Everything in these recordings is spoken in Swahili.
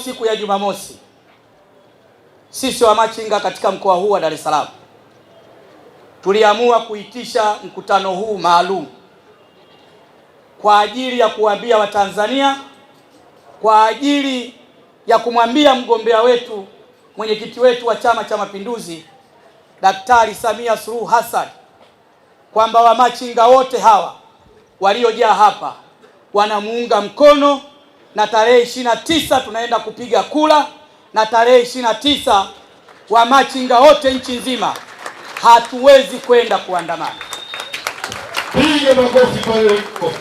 siku ya Jumamosi, sisi wamachinga katika mkoa huu wa Dar es Salaam tuliamua kuitisha mkutano huu maalum kwa ajili ya kuwaambia Watanzania, kwa ajili ya kumwambia mgombea wetu, mwenyekiti wetu wa Chama cha Mapinduzi, Daktari Samia Suluhu Hassan kwamba wamachinga wote hawa waliojaa hapa wanamuunga mkono na tarehe ishirini na tisa tunaenda kupiga kura, na tarehe ishirini na tisa wamachinga wote nchi nzima hatuwezi kwenda kuandamana. Piga makofi pale uko.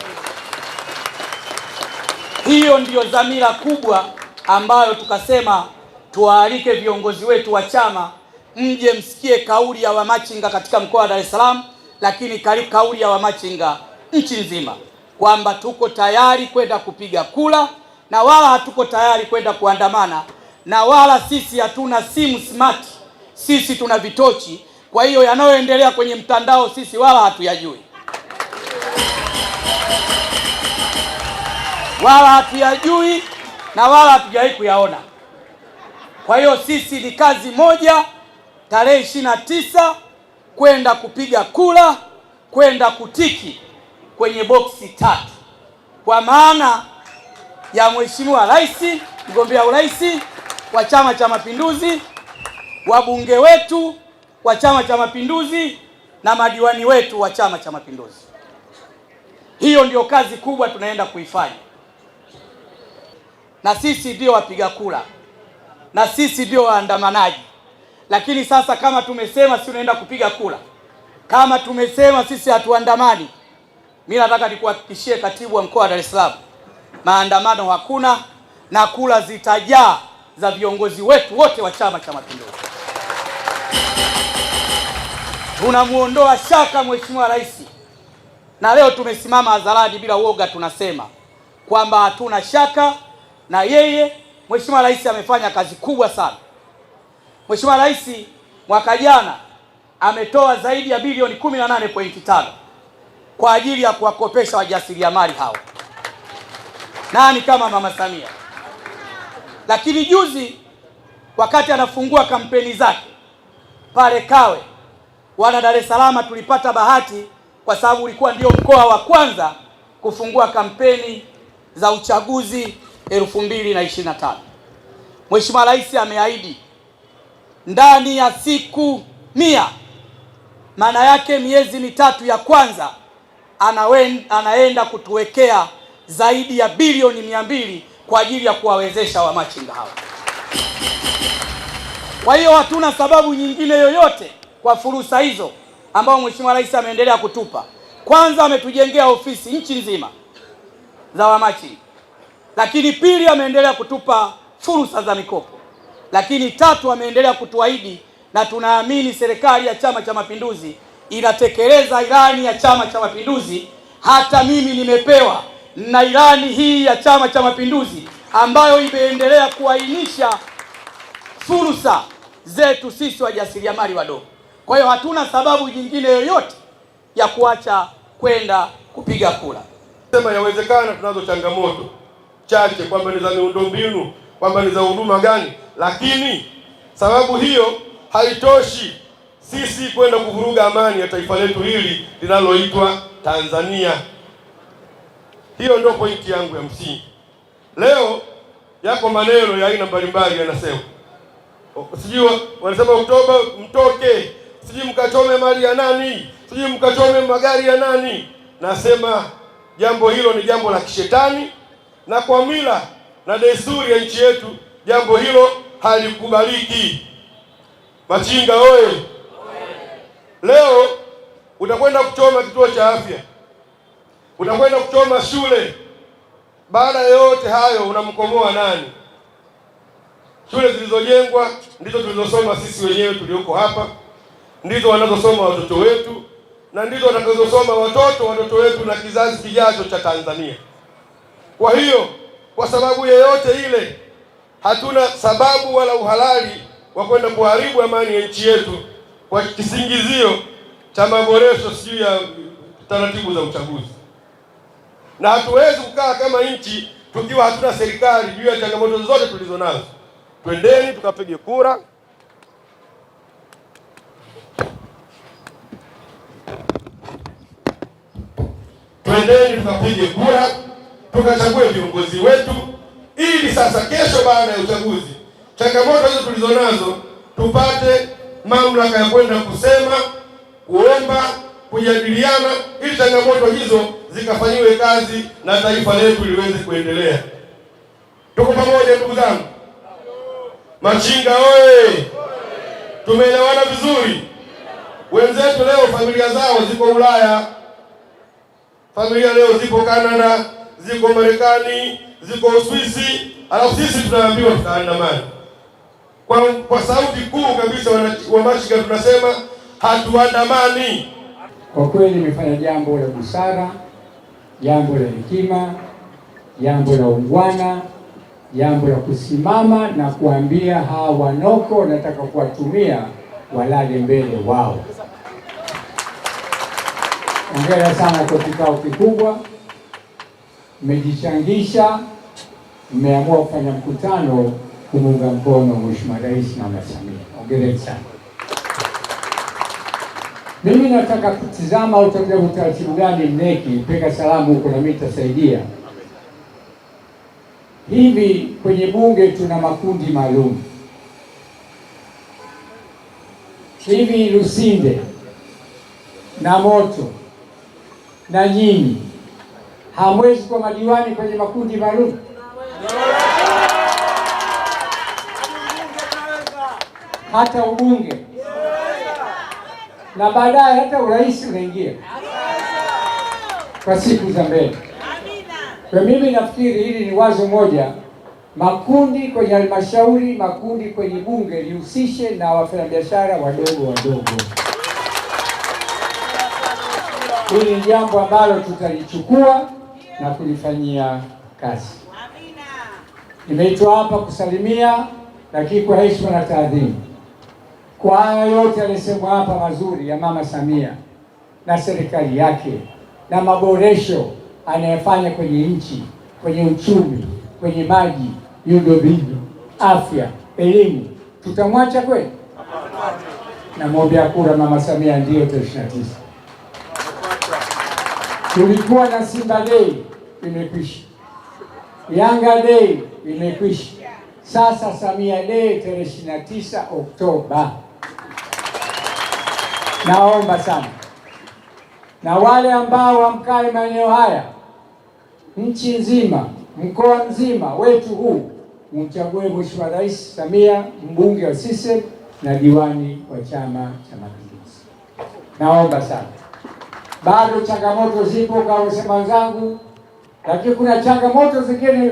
Hiyo ndiyo dhamira kubwa ambayo tukasema tuwaalike viongozi wetu wa chama mje msikie kauli ya wamachinga katika mkoa wa Dar es Salaam, lakini kauli ya wamachinga nchi nzima kwamba tuko tayari kwenda kupiga kula na wala hatuko tayari kwenda kuandamana na wala sisi hatuna simu smart, sisi tuna vitochi. Kwa hiyo yanayoendelea kwenye mtandao sisi wala hatuyajui, wala hatuyajui na wala hatujawahi kuyaona. Kwa hiyo sisi ni kazi moja, tarehe ishirini na tisa kwenda kupiga kula, kwenda kutiki kwenye boksi tatu kwa maana ya Mheshimiwa Rais, mgombea urais wa Chama cha Mapinduzi, wabunge wetu wa Chama cha Mapinduzi na madiwani wetu wa Chama cha Mapinduzi. Hiyo ndio kazi kubwa tunaenda kuifanya, na sisi ndio wapiga kura, na sisi ndio waandamanaji. Lakini sasa, kama tumesema sisi tunaenda kupiga kura, kama tumesema sisi hatuandamani mimi nataka nikuhakikishie katibu wa mkoa wa Dar es Salaam, maandamano hakuna na kula zitajaa za viongozi wetu wote wa Chama cha Mapinduzi. Tunamuondoa shaka Mheshimiwa Rais, na leo tumesimama hadharani bila uoga, tunasema kwamba hatuna shaka na yeye. Mheshimiwa Rais amefanya kazi kubwa sana. Mheshimiwa Rais mwaka jana ametoa zaidi ya bilioni 18.5 kwa ajili ya kuwakopesha wajasiriamali hao. Nani kama Mama Samia? Lakini juzi wakati anafungua kampeni zake pale Kawe, wana Dar es Salaam tulipata bahati kwa sababu ulikuwa ndio mkoa wa kwanza kufungua kampeni za uchaguzi 2025. Mheshimiwa Rais ameahidi ndani ya siku mia, maana yake miezi mitatu ya kwanza anaenda kutuwekea zaidi ya bilioni mia mbili kwa ajili ya kuwawezesha wamachinga hawa. Kwa hiyo hatuna sababu nyingine yoyote kwa fursa hizo ambayo Mheshimiwa Rais ameendelea kutupa. Kwanza ametujengea ofisi nchi nzima za wamachinga, lakini pili ameendelea kutupa fursa za mikopo, lakini tatu ameendelea kutuahidi na tunaamini serikali ya Chama cha Mapinduzi inatekeleza ilani ya Chama cha Mapinduzi. Hata mimi nimepewa na ilani hii ya Chama cha Mapinduzi ambayo imeendelea kuainisha fursa zetu sisi wajasiriamali wadogo. Kwa hiyo hatuna sababu nyingine yoyote ya kuacha kwenda kupiga kura. Sema yawezekana tunazo changamoto chache, kwamba ni za miundombinu, kwamba ni za huduma gani, lakini sababu hiyo haitoshi sisi kwenda kuvuruga amani ya taifa letu hili linaloitwa Tanzania. Hiyo ndio pointi yangu ya msingi. Leo yako maneno ya aina mbalimbali yanasema, sijui wanasema Oktoba mtoke, sijui mkachome mali ya nani, sijui mkachome magari ya nani. Nasema jambo hilo ni jambo la kishetani, na kwa mila na desturi ya nchi yetu jambo hilo halikubaliki. Machinga oye! Leo utakwenda kuchoma kituo cha afya, utakwenda kuchoma shule. Baada ya yote hayo, unamkomoa nani? Shule zilizojengwa ndizo tulizosoma sisi wenyewe tulioko hapa, ndizo wanazosoma watoto wetu na ndizo watakazosoma watoto watoto wetu na kizazi kijacho cha Tanzania. Kwa hiyo, kwa sababu yeyote ile, hatuna sababu wala uhalali wa kwenda kuharibu amani ya nchi yetu kwa kisingizio cha maboresho sijui ya taratibu za uchaguzi, na hatuwezi kukaa kama nchi tukiwa hatuna serikali juu ya changamoto zote tulizo nazo. Twendeni tukapige kura. Twendeni tukapige kura, tukachague viongozi wetu, ili sasa kesho, baada ya uchaguzi, changamoto hizo tulizo nazo tupate mamlaka ya kwenda kusema, kuomba, kujadiliana ili changamoto hizo zikafanyiwe kazi na taifa letu liweze kuendelea. Tuko pamoja ndugu zangu. Machinga oye! Tumeelewana vizuri. Wenzetu leo familia zao ziko Ulaya, familia leo ziko kanada ziko Marekani, ziko Uswisi, alafu sisi tunaambiwa tutaandamana kwa, kwa sauti kuu kabisa mashika tunasema hatuandamani. Kwa kweli nimefanya jambo la busara, jambo la hekima, jambo la ungwana, jambo la kusimama na kuambia hawa wanoko nataka kuwatumia walale mbele wao. Hongera sana kwa kikao kikubwa, mmejichangisha, mmeamua kufanya mkutano kumuunga mkono Mheshimiwa Rais Mama Samia. Hongereni sana. Mimi nataka kutizama utakuja utaratibu gani neki peka salamu huko na mimi nitasaidia. Hivi kwenye bunge tuna makundi maalum. Hivi Lusinde na moto na nyinyi hamwezi kwa madiwani kwenye makundi maalum? hata ubunge na baadaye hata urais unaingia kwa siku za mbele. Kwa mimi nafikiri hili ni wazo moja, makundi kwenye halmashauri, makundi kwenye bunge lihusishe na wafanyabiashara wadogo wadogo. Hili ni jambo ambalo tutalichukua na kulifanyia kazi. Nimeitwa hapa kusalimia, lakini kwa heshima na taadhima kwa haya yote alisemwa hapa mazuri ya Mama Samia na serikali yake na maboresho anayefanya kwenye nchi, kwenye uchumi, kwenye maji, miundombinu, afya, elimu, tutamwacha kweli? ya kura Mama Samia, ndiyo tarehe ishirini na tisa tulikuwa na Simba Day imekwisha, Yanga Day imekwisha, sasa Samia Day tarehe 29 Oktoba. Naomba sana na wale ambao wamkae maeneo haya, nchi nzima, mkoa mzima wetu huu, mchague Mheshimiwa Rais Samia, mbunge wa sisi na diwani wa Chama cha Mapinduzi. Naomba sana, bado changamoto zipo kama wamesema wenzangu, lakini kuna changamoto zingine,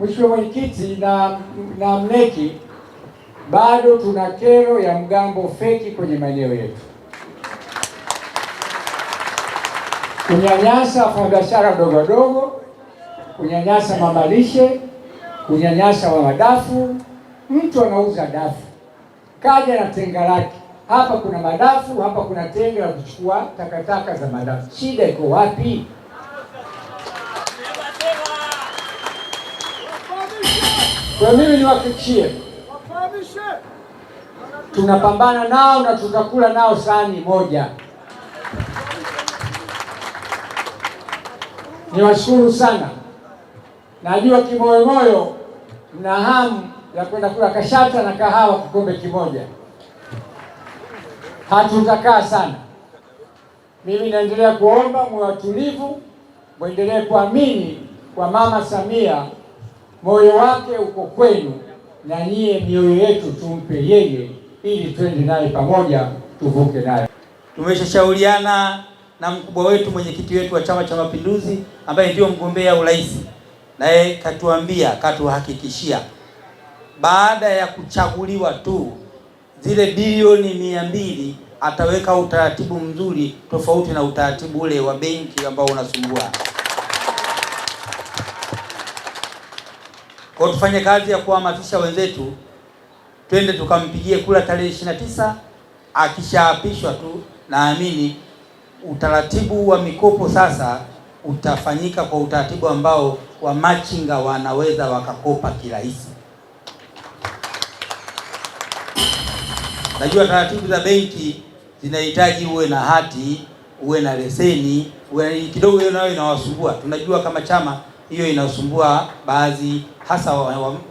Mheshimiwa Mwenyekiti na, na mneki, bado tuna kero ya mgambo feki kwenye maeneo yetu. kunyanyasa wafanyabiashara dogo dogo, kunyanyasa mamalishe, kunyanyasa wa wadafu. Mtu anauza dafu, kaja na tenga lake, hapa kuna madafu, hapa kuna tenga la kuchukua takataka za madafu. Shida iko wapi? Kwa mimi niwahakikishie, tunapambana nao na tutakula nao sahani moja. niwashukuru sana. Najua kimoyomoyo mna hamu ya kwenda kula kashata na kahawa kikombe kimoja. Hatutakaa sana. Mimi naendelea kuomba mwe watulivu, mwendelee kuamini kwa Mama Samia, moyo wake uko kwenu, na nyie mioyo yetu tumpe yeye, ili twende naye pamoja, tuvuke naye. Tumeshashauriana na mkubwa wetu mwenyekiti wetu wa Chama cha Mapinduzi ambaye ndio mgombea urais, naye katuambia, katuhakikishia baada ya kuchaguliwa tu zile bilioni mia mbili ataweka utaratibu mzuri tofauti na utaratibu ule wa benki ambao unasumbua. Kwa tufanye kazi ya kuhamasisha wenzetu, twende tukampigie kura tarehe 29. Akishaapishwa tu naamini utaratibu wa mikopo sasa utafanyika kwa utaratibu ambao wamachinga wanaweza wakakopa kirahisi. Najua taratibu za benki zinahitaji uwe na hati, uwe na leseni, uwe kidogo, hiyo nayo inawasumbua. Tunajua kama chama hiyo inasumbua baadhi, hasa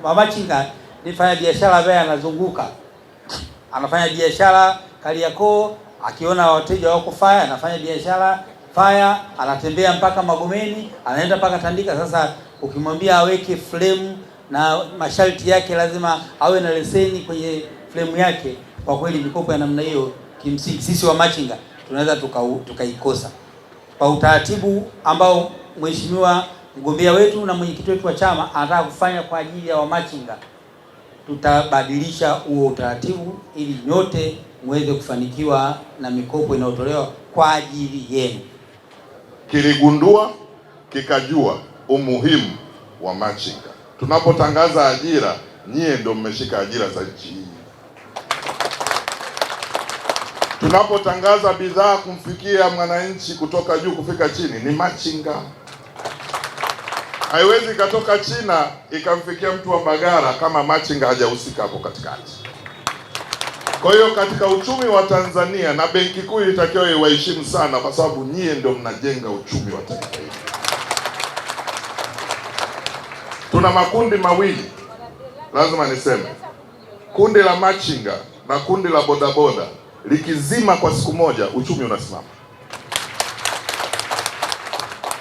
wamachinga. Ni fanya biashara ambaye anazunguka anafanya biashara Kariakoo akiona wateja wako faya, anafanya biashara faya, anatembea mpaka Magomeni, anaenda mpaka Tandika. Sasa ukimwambia aweke frame na masharti yake, lazima awe na leseni kwenye frame yake, kwa kweli mikopo ya namna hiyo kimsingi sisi wa machinga tunaweza tukaikosa tuka kwa utaratibu ambao mheshimiwa mgombea wetu na mwenyekiti wetu wa chama anataka kufanya kwa ajili ya wamachinga, tutabadilisha huo utaratibu ili nyote muweze kufanikiwa na mikopo inayotolewa kwa ajili yenu. Kiligundua kikajua umuhimu wa machinga. Tunapotangaza ajira, nyie ndio mmeshika ajira za nchi hii. Tunapotangaza bidhaa kumfikia mwananchi kutoka juu kufika chini, ni machinga. Haiwezi ikatoka China ikamfikia mtu wa Mbagara kama machinga hajahusika hapo katikati. Kwa hiyo katika uchumi wa Tanzania na benki kuu ilitakiwa iwaheshimu sana, kwa sababu nyie ndio mnajenga uchumi wa taifa hili. Tuna makundi mawili, lazima niseme, kundi la machinga na kundi la bodaboda. Likizima kwa siku moja, uchumi unasimama.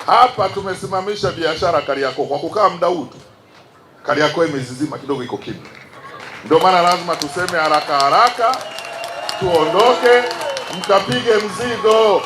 Hapa tumesimamisha biashara Kariakoo kwa kukaa muda huu tu, Kariakoo imezizima kidogo, iko kimya. Ndio maana lazima tuseme haraka haraka tuondoke, mkapige mzigo.